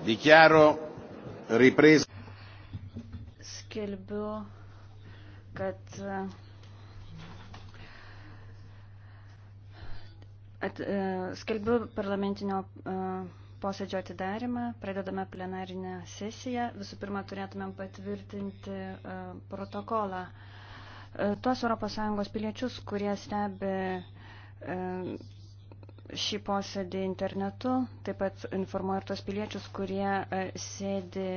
Dichiaro ripresa. Skelbiu, kad at, e, skelbiu parlamentinio e, posėdžio atidarimą, pradedame plenarinę sesiją. Visų pirma, turėtumėm patvirtinti e, protokolą. Tuos ES piliečius, kurie stebi šį posėdį internetu, taip pat informuoju ir tos piliečius, kurie e, sėdi